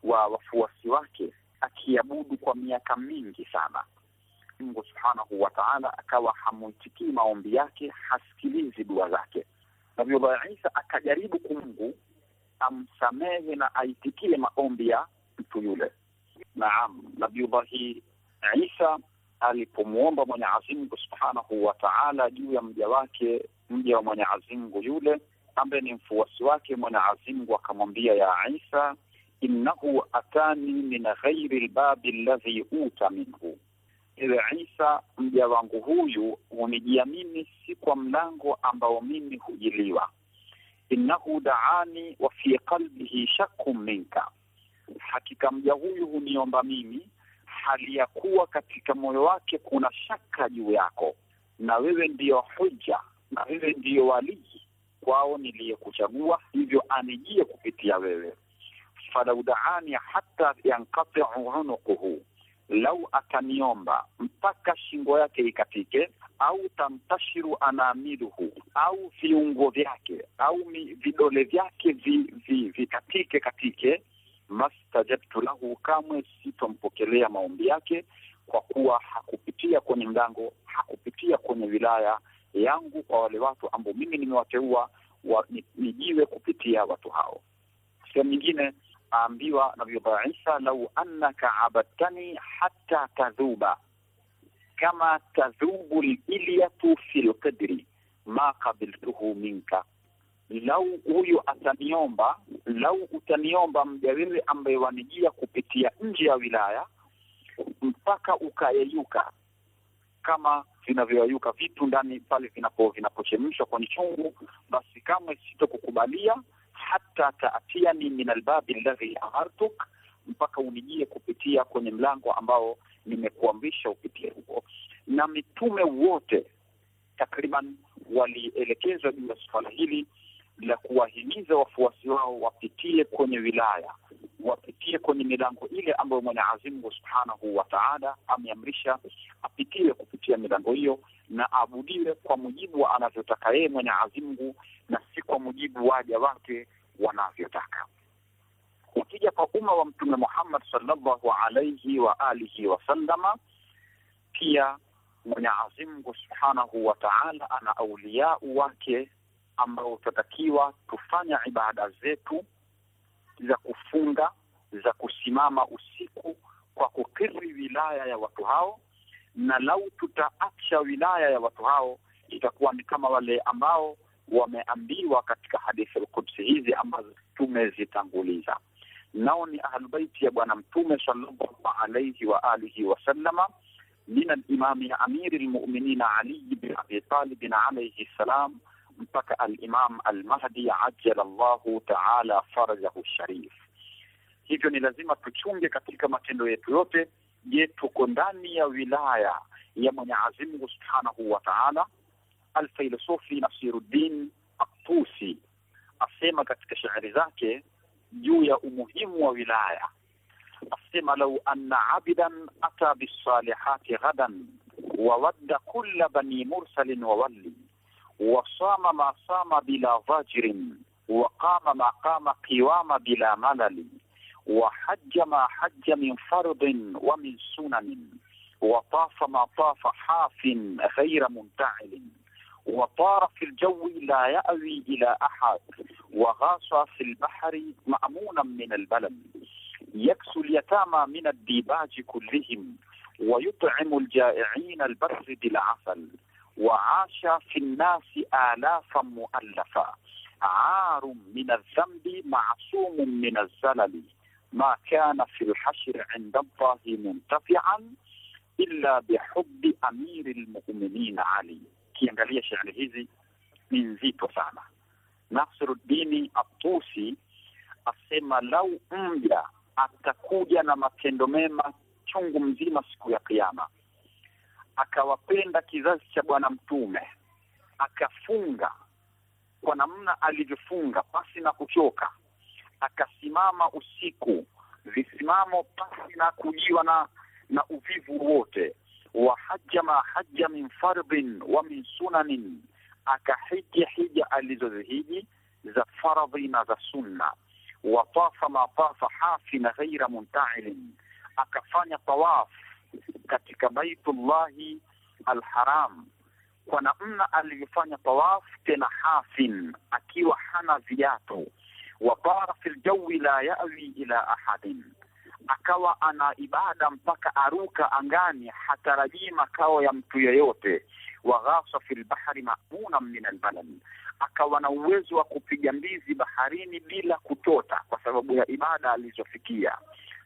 wa wafuasi wake akiabudu kwa miaka mingi sana. Mungu subhanahu wa taala akawa hamwitikii maombi yake, hasikilizi dua zake. Nabii Isa akajaribu kumungu amsamehe na aitikie maombi ya mtu yule. Naam, Nabii Isa alipomwomba Mwenyezi Mungu subhanahu wa taala juu ya mja wake, mja wa Mwenyezi Mungu yule ambaye ni mfuasi wake, Mwenyezi Mungu akamwambia, ya Isa, innahu atani min ghairi lbabi ladhi uta minhu, ewe Isa, mja wangu huyu hunijia mimi si kwa mlango ambao mimi hujiliwa. Innahu daani wa fi qalbihi shakkun minka, hakika mja huyu huniomba mimi hali ya kuwa katika moyo wake kuna shaka juu yako, na wewe ndiyo hoja, na wewe ndiyo walii kwao niliyekuchagua, hivyo anijie kupitia wewe. falau daani hata yankatiu unukuhu lau ataniomba mpaka shingo yake ikatike, au tamtashiru anamiruhu au viungo vyake au vidole vyake vikatike vi, vi, katike katike mastajabtu lahu, kamwe sitompokelea maombi yake, kwa kuwa hakupitia kwenye mlango, hakupitia kwenye wilaya yangu, kwa wale watu ambao mimi nimewateua wa, nijiwe kupitia watu hao. Sehemu nyingine aambiwa Nabii Isa, lau annaka abadtani hatta tadhuba kama tadhubu lilyatu fi lqidri ma qabiltuhu minka lau huyu ataniomba, lau utaniomba mjawiri ambaye wanijia kupitia nje ya wilaya, mpaka ukayeyuka kama vinavyoyayuka vitu ndani pale vinapo vinapochemshwa kwenye chungu, basi kamwe sitokukubalia hata taatiani min albabi alladhi amartuk, mpaka unijie kupitia kwenye mlango ambao nimekuamrisha upitie huko. Na mitume wote takriban walielekezwa juu ya suala hili la kuwahimiza wafuasi wao wapitie kwenye wilaya, wapitie kwenye milango ile ambayo Mwenyezi Mungu Subhanahu wa Ta'ala ameamrisha apitie kupitia milango hiyo, na abudiwe kwa mujibu wa anavyotaka yeye Mwenyezi Mungu na si kwa mujibu waja wake wanavyotaka. Ukija kwa umma wa Mtume Muhammad sallallahu alayhi wa alihi wasallama, pia Mwenyezi Mungu Subhanahu wa Ta'ala ana auliau wake ambao tutatakiwa tufanya ibada zetu za kufunga za kusimama usiku kwa kukiri wilaya ya watu hao, na lau tutaacha wilaya ya watu hao itakuwa ni kama wale ambao wameambiwa katika hadithi al-Qudsi hizi ambazo tumezitanguliza. Nao ni ahlubaiti ya Bwana Mtume sallallahu alaihi wa alihi wasallama min alimami amiri lmuminina Ali bin Abi Talibin alaihi ssalam mpaka alimam almahdi ajala mahdi ta'ala farajahu sharif. Hivyo ni lazima tuchunge katika matendo yetu yote. Je, tuko ndani ya wilaya ya Mwenyezi Mungu subhanahu wa taala? Alfilosofi Nasiruddin Aktusi asema katika shairi zake juu ya umuhimu wa wilaya, asema lau anna abidan ata bisalihati ghadan wa wadda kulla bani mursalin wa walli وصام ما صام بلا ضجر وقام ما قام قوام بلا ملل وحج ما حج من فرض ومن سنن وطاف ما طاف حاف غير منتعل وطار في الجو لا يأوي إلى أحد وغاص في البحر مأمونا من البلد يكسو اليتامى من الديباج كلهم ويطعم الجائعين البر بالعسل waasha fi nnasi alafa muallafa aarun min aldhambi masumun min alzalali ma kana fi lhashri inda llahi muntafian illa bihubi amiri lmuminin Ali. Kiangalia shairi hizi ni nzito sana. Nasruddini Atusi asema lau mja atakuja na matendo mema chungu mzima siku ya Kiama, akawapenda kizazi cha Bwana Mtume, akafunga kwa namna alivyofunga pasi na kuchoka, akasimama usiku visimamo pasi na kujiwa na na uvivu wote wa haja ma haja min fardhin wa min sunanin, akahija hija alizozihiji za faradhi na za sunna, watafa tafa hafi na ghaira muntailin, akafanya tawaf katika Baitullahi Alharam kwa namna alivyofanya tawaf, tena hafin, akiwa hana viatu. wabara fi ljaui la yawi ila ahadin, akawa ana ibada mpaka aruka angani, hatarajii makao ya mtu yeyote. Waghasa fi lbahri mamunan min albalal, akawa na uwezo wa kupiga mbizi baharini bila kutota, kwa sababu ya ibada alizofikia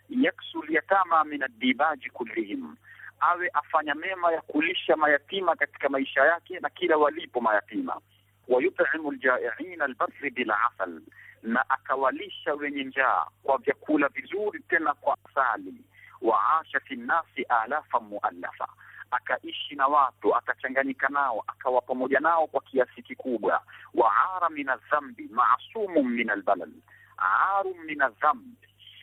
yaksul yatama min addibaji kullihim, awe afanya mema ya kulisha mayatima katika maisha yake na kila walipo mayatima. Wayutimu ljaiina albasri bilasal na akawalisha wenye njaa kwa vyakula vizuri, tena kwa asali. Waasha fi nnasi alafa muallafa, akaishi na watu akachanganyika nao akawa pamoja nao kwa kiasi kikubwa. Wa ara min aldhambi maasumu min albalal, aru min aldhambi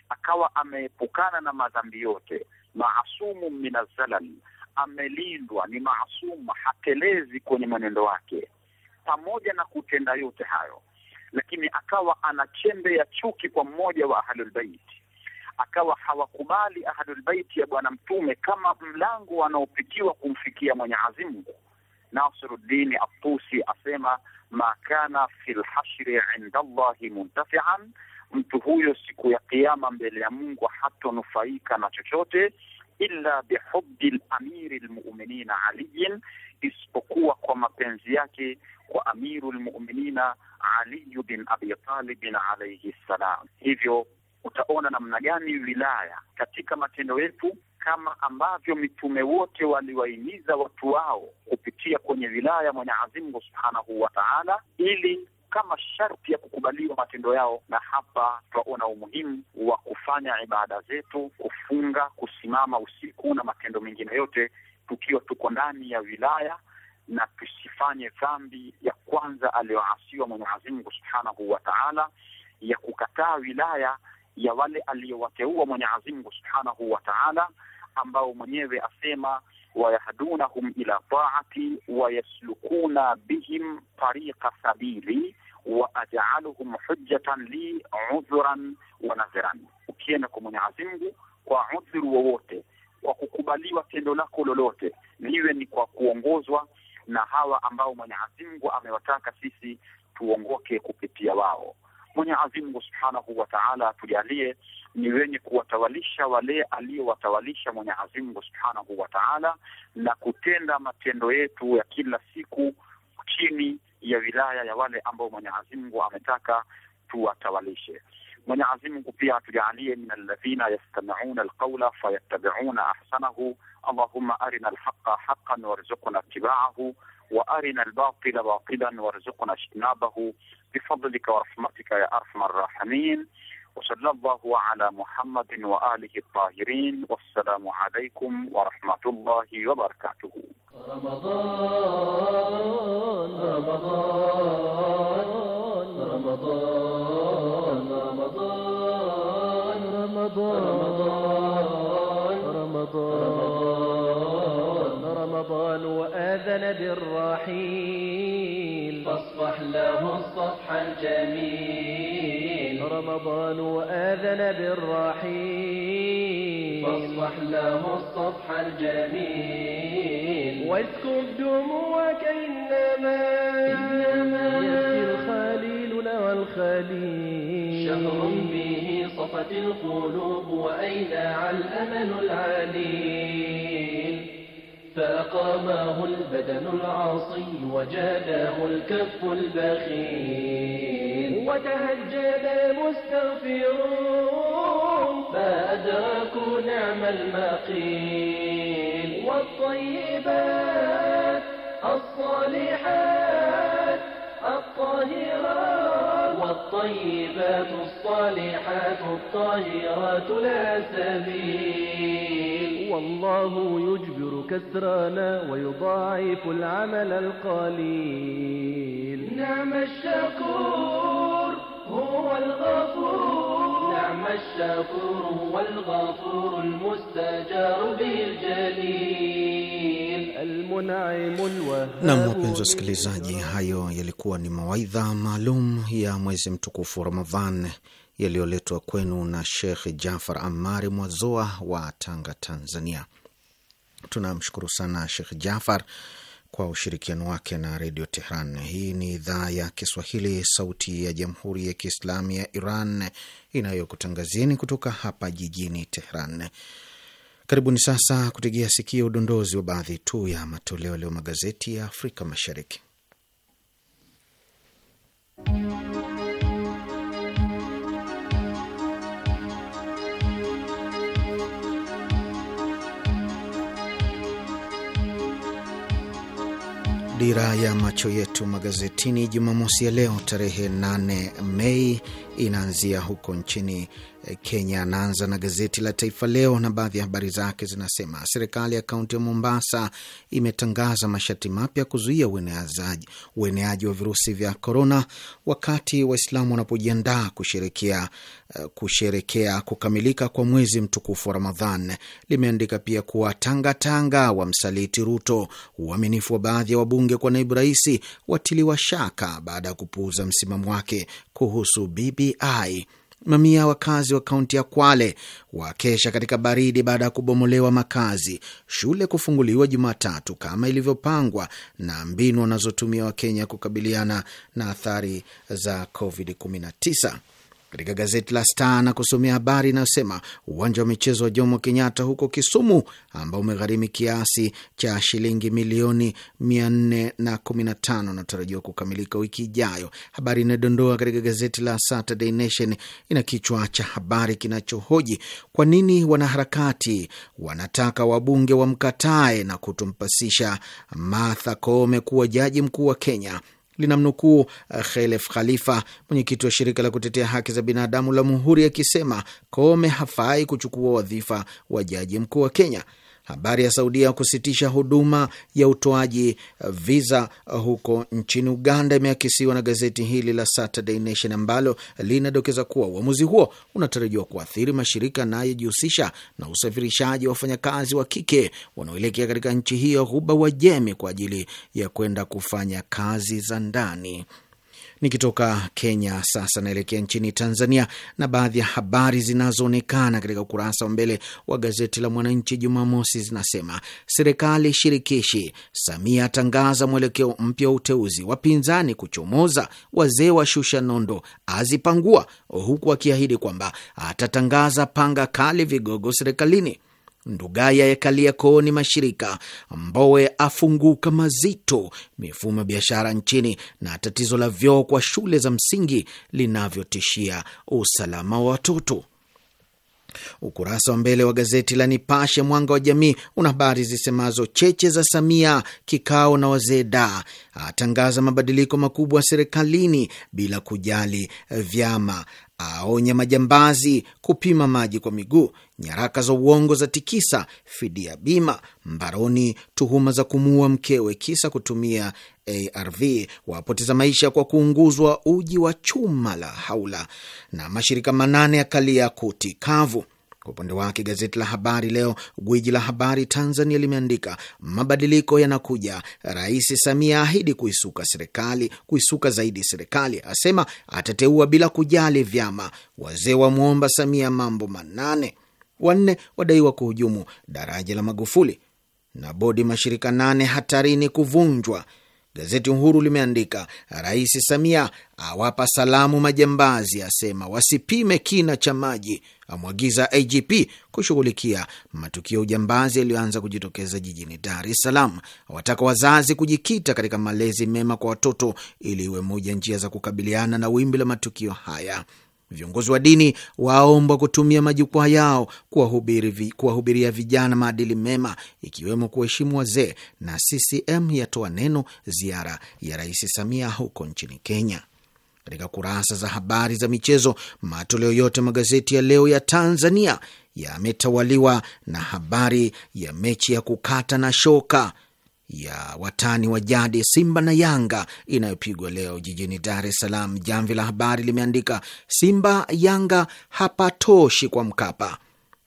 akawa ameepukana na madhambi yote, maasumu min azzalal, amelindwa ni maasumu, hatelezi kwenye mwenendo wake, pamoja na kutenda yote hayo, lakini akawa ana chembe ya chuki kwa mmoja wa ahlulbeiti akawa hawakubali ahlulbeiti ya Bwana Mtume kama mlango wanaopitiwa kumfikia Mwenyezi Mungu. Nasiruddin Atusi asema ma kana fi lhashri inda Allahi muntafian mtu huyo siku ya Kiyama mbele ya Mungu hatonufaika na chochote illa bihubi lamiri lmuminina aliyin, isipokuwa kwa mapenzi yake kwa amiru lmuminina Aliyu bin Abi Talibin alaihi ssalam. Hivyo utaona namna gani wilaya katika matendo yetu, kama ambavyo mitume wote waliwahimiza watu wao kupitia kwenye wilaya Mwenyezi Mungu subhanahu wa taala, ili kama sharti ya kukubaliwa matendo yao, na hapa twaona umuhimu wa kufanya ibada zetu, kufunga, kusimama usiku na matendo mengine yote tukiwa tuko ndani ya wilaya na tusifanye dhambi ya kwanza aliyoasiwa Mwenyezi Mungu Subhanahu wa Ta'ala, ya kukataa wilaya ya wale aliyowateua Mwenyezi Mungu Subhanahu wa Ta'ala, ambao mwenyewe asema wayahdunahum ila taati wayaslukuna bihim tariqa sabili wa aj'aluhum hujjatan li udhuran wa nadhran. Ukienda kwa Mwenyezi Mungu kwa udhuru wowote, kwa kukubaliwa tendo lako lolote, liwe ni kwa kuongozwa na hawa ambao Mwenyezi Mungu amewataka sisi tuongoke kupitia wao. Mwenyezi Mungu subhanahu wa ta'ala atujalie ni wenye kuwatawalisha wale aliyowatawalisha Mwenyezi Mungu Subhanahu wa Ta'ala, na kutenda matendo yetu ya kila siku chini ya wilaya ya wale ambao Mwenyezi Mungu ametaka tuwatawalishe. Mwenyezi Mungu pia atujaalie min alladhina yastami'una alqawla fayattabi'una ahsanahu allahumma arina alhaqa haqqan warzuqna ittiba'ahu wa arina albatila batilan warzuqna ijtinabahu bifadlika wa rahmatika ya arhamar rahimin. وصلى الله على محمد وآله الطاهرين والسلام عليكم ورحمة الله وبركاته رمضان رمضان رمضان رمضان رمضان رمضان رمضان رمضان وآذن بالرحيل فاصفح له الصفح الجميل رمضان وآذن بالرحيل فاصفح له الصفح الجميل واسكب دموعك إنما إنما يبكي الخليل والخليل شهر به صفت القلوب وأينع الأمل العليل فأقامه البدن العاصي وجاداه الكف البخيل وتهجد المستغفرون فأدركوا نعم المقيل والطيبات الصالحات الطاهرات والطيبات الصالحات الطاهرات لا سبيل والله يجبر كسرانا ويضاعف العمل القليل نعم الشكور هو الغفور نعم الشكور هو الغفور المستجار بالجليل المنعم الوهاب نعم wapenzi wasikilizaji hayo yalikuwa ni mawaidha maalum ya mwezi mtukufu Ramadhan yaliyoletwa kwenu na Shekh Jafar Amari Mwazoa wa Tanga, Tanzania. Tunamshukuru sana Shekh Jafar kwa ushirikiano wake na Redio Tehran. Hii ni idhaa ya Kiswahili, sauti ya jamhuri ya kiislamu ya Iran inayokutangazieni kutoka hapa jijini Tehran. Karibuni sasa kutegea sikio udondozi wa baadhi tu ya matoleo leo magazeti ya Afrika Mashariki. Dira ya macho yetu magazetini Jumamosi ya leo tarehe 8 Mei inaanzia huko nchini Eh, Kenya. Anaanza na gazeti la Taifa Leo na baadhi ya habari zake zinasema: serikali ya kaunti ya Mombasa imetangaza masharti mapya kuzuia ueneaji wa virusi vya korona, wakati Waislamu wanapojiandaa kusherekea eh, kusherekea kukamilika kwa mwezi mtukufu wa Ramadhan. Limeandika pia kuwa tangatanga wamsaliti Ruto, uaminifu wa baadhi ya wabunge kwa naibu raisi watiliwa shaka baada ya kupuuza msimamo wake kuhusu BBI. Mamia wakazi wa kaunti ya Kwale wakesha katika baridi baada ya kubomolewa makazi, shule kufunguliwa Jumatatu kama ilivyopangwa, na mbinu wanazotumia Wakenya kukabiliana na athari za COVID-19 katika gazeti la Star na kusomea habari inayosema uwanja wa michezo wa Jomo Kenyatta huko Kisumu ambao umegharimu kiasi cha shilingi milioni 415 unatarajiwa kukamilika wiki ijayo. Habari inayodondoa katika gazeti la Saturday Nation ina kichwa cha habari kinachohoji kwa nini wanaharakati wanataka wabunge wamkatae na kutompasisha Martha Koome kuwa jaji mkuu wa Kenya linamnukuu eh, Khelef Khalifa, mwenyekiti wa shirika la kutetea haki za binadamu la Muhuri, akisema Kome hafai kuchukua wadhifa wa jaji mkuu wa Kenya habari ya Saudia kusitisha huduma ya utoaji viza huko nchini Uganda imeakisiwa na gazeti hili la Saturday Nation ambalo linadokeza kuwa uamuzi huo unatarajiwa kuathiri mashirika anayejihusisha na usafirishaji wa wafanyakazi wa kike wanaoelekea katika nchi hiyo Ghuba Wajemi kwa ajili ya kwenda kufanya kazi za ndani. Nikitoka Kenya sasa naelekea nchini Tanzania na baadhi ya habari zinazoonekana katika ukurasa wa mbele wa gazeti la Mwananchi Jumamosi zinasema serikali shirikishi, Samia atangaza mwelekeo mpya wa uteuzi, wapinzani kuchomoza, wazee wa shusha nondo, azipangua, huku akiahidi kwamba atatangaza panga kali vigogo serikalini. Ndugaya yakalia kooni mashirika, Mbowe afunguka mazito mifumo ya biashara nchini, na tatizo la vyoo kwa shule za msingi linavyotishia usalama wa watoto. Ukurasa wa mbele wa gazeti la Nipashe Mwanga wa Jamii una habari zisemazo: cheche za Samia kikao na wazee da, atangaza mabadiliko makubwa serikalini bila kujali vyama, aonya majambazi, kupima maji kwa miguu, nyaraka za uongo za tikisa, fidia bima, mbaroni, tuhuma za kumuua mkewe kisa kutumia ARV, wapoteza maisha kwa kuunguzwa uji wa chuma la haula, na mashirika manane ya kalia kuti kavu. Kwa upande wake gazeti la Habari Leo, gwiji la habari Tanzania, limeandika mabadiliko yanakuja, Rais Samia ahidi kuisuka serikali, kuisuka zaidi serikali, asema atateua bila kujali vyama, wazee wamwomba Samia mambo manane, wanne wadaiwa kuhujumu daraja la Magufuli, na bodi mashirika nane hatarini kuvunjwa Gazeti Uhuru limeandika Rais Samia awapa salamu majambazi, asema wasipime kina cha maji, amwagiza IGP kushughulikia matukio ya ujambazi yaliyoanza kujitokeza jijini Dar es Salaam, awataka wazazi kujikita katika malezi mema kwa watoto ili iwe moja njia za kukabiliana na wimbi la matukio haya. Viongozi wa dini waombwa kutumia majukwaa yao kuwahubiria vijana maadili mema ikiwemo kuheshimu wazee, na CCM yatoa neno ziara ya Rais Samia huko nchini Kenya. Katika kurasa za habari za michezo, matoleo yote magazeti ya leo ya Tanzania yametawaliwa na habari ya mechi ya kukata na shoka ya watani wa jadi Simba na Yanga inayopigwa leo jijini Dar es Salaam. Jamvi la Habari limeandika Simba Yanga hapatoshi kwa Mkapa,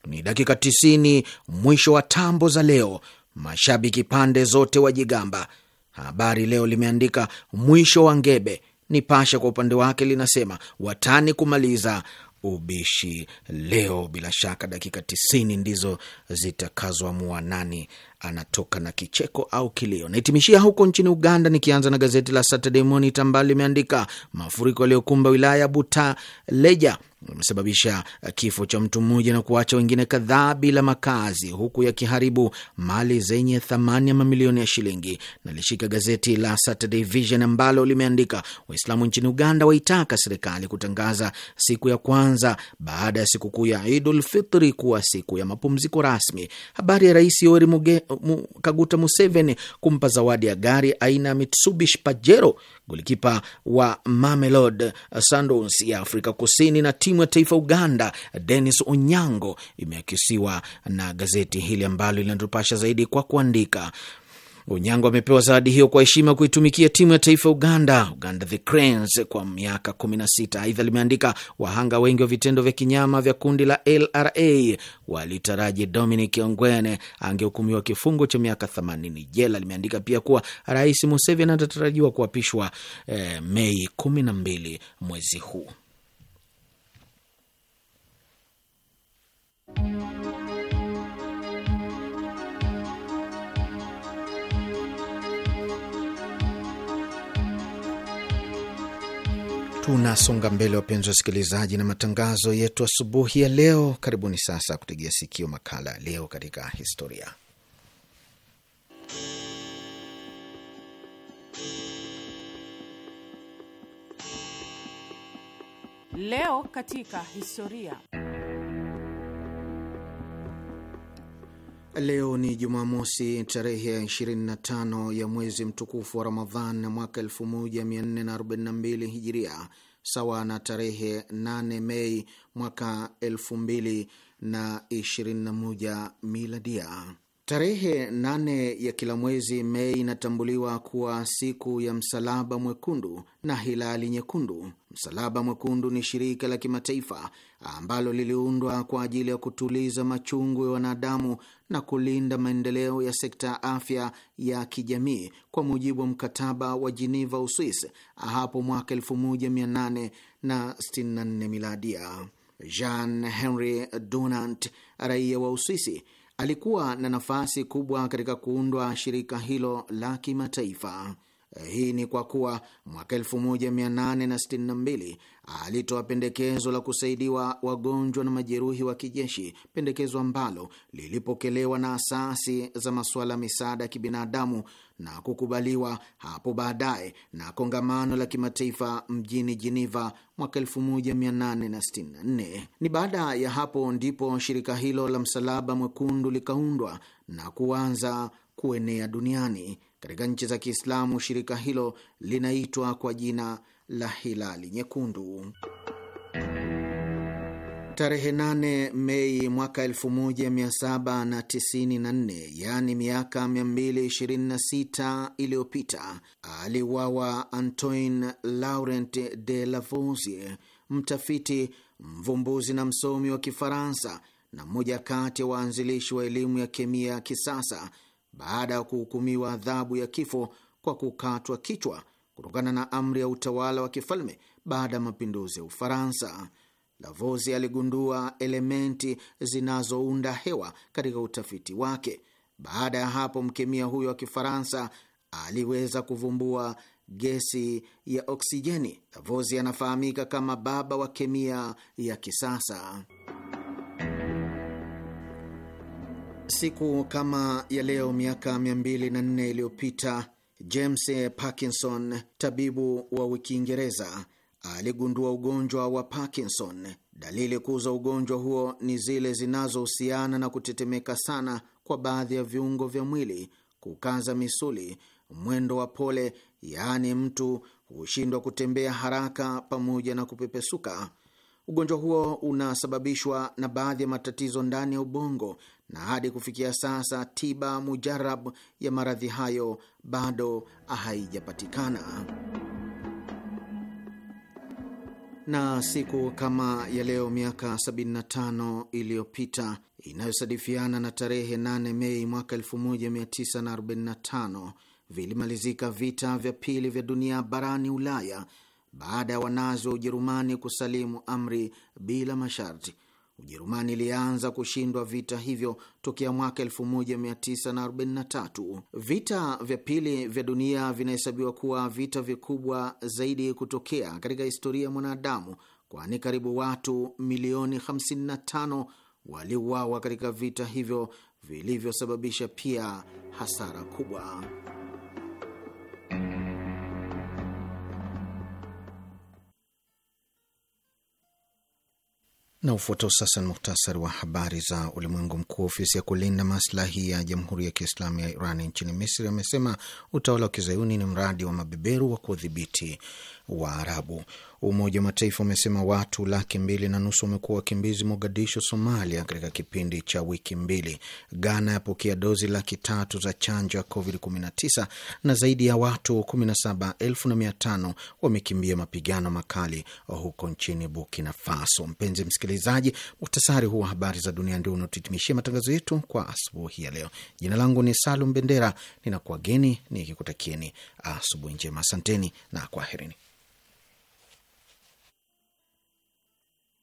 ni dakika tisini mwisho wa tambo za leo, mashabiki pande zote wajigamba. Habari Leo limeandika mwisho wa ngebe. pasha kwa upande wake linasema watani kumaliza ubishi leo. Bila shaka dakika tisini ndizo zitakazoamua nani anatoka na kicheko au kilio. Naitimishia huko nchini Uganda, nikianza na gazeti la Saturday Monitor ambalo limeandika mafuriko yaliyokumba wilaya ya Butaleja amesababisha kifo cha mtu mmoja na kuacha wengine kadhaa bila makazi huku yakiharibu mali zenye thamani ya mamilioni ya shilingi. Nalishika gazeti la Saturday Vision ambalo limeandika Waislamu nchini Uganda waitaka serikali kutangaza siku ya kwanza baada ya sikukuu ya Idul Fitri kuwa siku ya mapumziko rasmi. Habari ya Rais Yoweri Kaguta Museveni kumpa zawadi ya gari aina ya Mitsubishi Pajero golikipa wa Mamelodi uh, Sundowns ya Afrika Kusini na timu ya taifa Uganda Dennis Onyango, imeakisiwa na gazeti hili ambalo linatupasha zaidi kwa kuandika Onyango amepewa zawadi hiyo kwa heshima kuitumikia timu ya taifa Uganda, Uganda the Cranes, kwa miaka 16. Aidha limeandika wahanga wengi wa vitendo vya kinyama vya kundi la LRA walitaraji Dominic Ongwene angehukumiwa kifungo cha miaka 80 jela. Limeandika pia kuwa Rais Museveni atatarajiwa kuapishwa eh, Mei 12 mwezi huu. Tunasonga mbele wapenzi wasikilizaji, na matangazo yetu asubuhi ya leo. Karibuni sasa kutegea sikio makala ya leo katika historia. Leo katika historia Leo ni Jumamosi, tarehe ya 25 ya mwezi mtukufu wa Ramadhan mwaka 1442 Hijiria, sawa na tarehe 8 Mei mwaka 2021 Miladia. Tarehe nane ya kila mwezi Mei inatambuliwa kuwa siku ya Msalaba Mwekundu na Hilali Nyekundu. Msalaba Mwekundu ni shirika la kimataifa ambalo liliundwa kwa ajili ya kutuliza machungu ya wanadamu na kulinda maendeleo ya sekta ya afya ya kijamii kwa mujibu wa mkataba wa Jeneva, Uswis, hapo mwaka 1864 miladia. Jean Henry Dunant, raia wa Uswisi, alikuwa na nafasi kubwa katika kuundwa shirika hilo la kimataifa. Hii ni kwa kuwa mwaka 1862 alitoa pendekezo la kusaidiwa wagonjwa na majeruhi wa kijeshi, pendekezo ambalo lilipokelewa na asasi za masuala ya misaada ya kibinadamu na kukubaliwa hapo baadaye na kongamano la kimataifa mjini jiniva mwaka 1864. Ni baada ya hapo ndipo shirika hilo la Msalaba Mwekundu likaundwa na kuanza kuenea duniani. Katika nchi za Kiislamu, shirika hilo linaitwa kwa jina la Hilali Nyekundu tarehe 8 Mei mwaka 1794, yaani miaka 226 iliyopita, aliuawa Antoine Laurent de Lavoisier, mtafiti, mvumbuzi na msomi wa Kifaransa na mmoja kati ya waanzilishi wa elimu ya kemia ya kisasa baada ya kuhukumiwa adhabu ya kifo kwa kukatwa kichwa kutokana na amri ya utawala wa kifalme baada ya mapinduzi ya Ufaransa. Lavozi aligundua elementi zinazounda hewa katika utafiti wake. Baada ya hapo, mkemia huyo wa Kifaransa aliweza kuvumbua gesi ya oksijeni. Lavozi anafahamika kama baba wa kemia ya kisasa. Siku kama ya leo miaka 204 iliyopita James Parkinson, tabibu wa Kiingereza aligundua ugonjwa wa Parkinson. Dalili kuu za ugonjwa huo ni zile zinazohusiana na kutetemeka sana kwa baadhi ya viungo vya mwili, kukaza misuli, mwendo wa pole, yaani mtu hushindwa kutembea haraka pamoja na kupepesuka. Ugonjwa huo unasababishwa na baadhi ya matatizo ndani ya ubongo, na hadi kufikia sasa tiba mujarab ya maradhi hayo bado haijapatikana na siku kama ya leo miaka 75 iliyopita inayosadifiana na tarehe 8 Mei mwaka 1945 vilimalizika vita vya pili vya dunia barani Ulaya baada ya wanazi wa Ujerumani kusalimu amri bila masharti. Ujerumani ilianza kushindwa vita hivyo tokea mwaka 1943. Vita vya pili vya dunia vinahesabiwa kuwa vita vikubwa zaidi kutokea katika historia ya mwanadamu, kwani karibu watu milioni 55 waliuawa katika vita hivyo vilivyosababisha pia hasara kubwa. Na ufuatao sasa ni muhtasari wa habari za ulimwengu. Mkuu wa ofisi ya kulinda maslahi ya Jamhuri ya Kiislamu ya Iran nchini Misri amesema utawala wa kizayuni ni mradi wa mabeberu wa kudhibiti Waarabu. Umoja wa Mataifa umesema watu laki mbili na nusu wamekuwa wakimbizi Mogadisho, Somalia, katika kipindi cha wiki mbili. Ghana yapokea dozi laki tatu za chanjo ya COVID-19 na zaidi ya watu 17,500 wamekimbia mapigano makali huko nchini Burkina Faso. Mpenzi msikilizaji, muhtasari huu wa habari za dunia ndio unaotuhitimishia matangazo yetu kwa asubuhi ya leo. Jina langu ni Salum Bendera, ninakuwageni nikikutakieni asubuhi njema. Asanteni na kwaherini.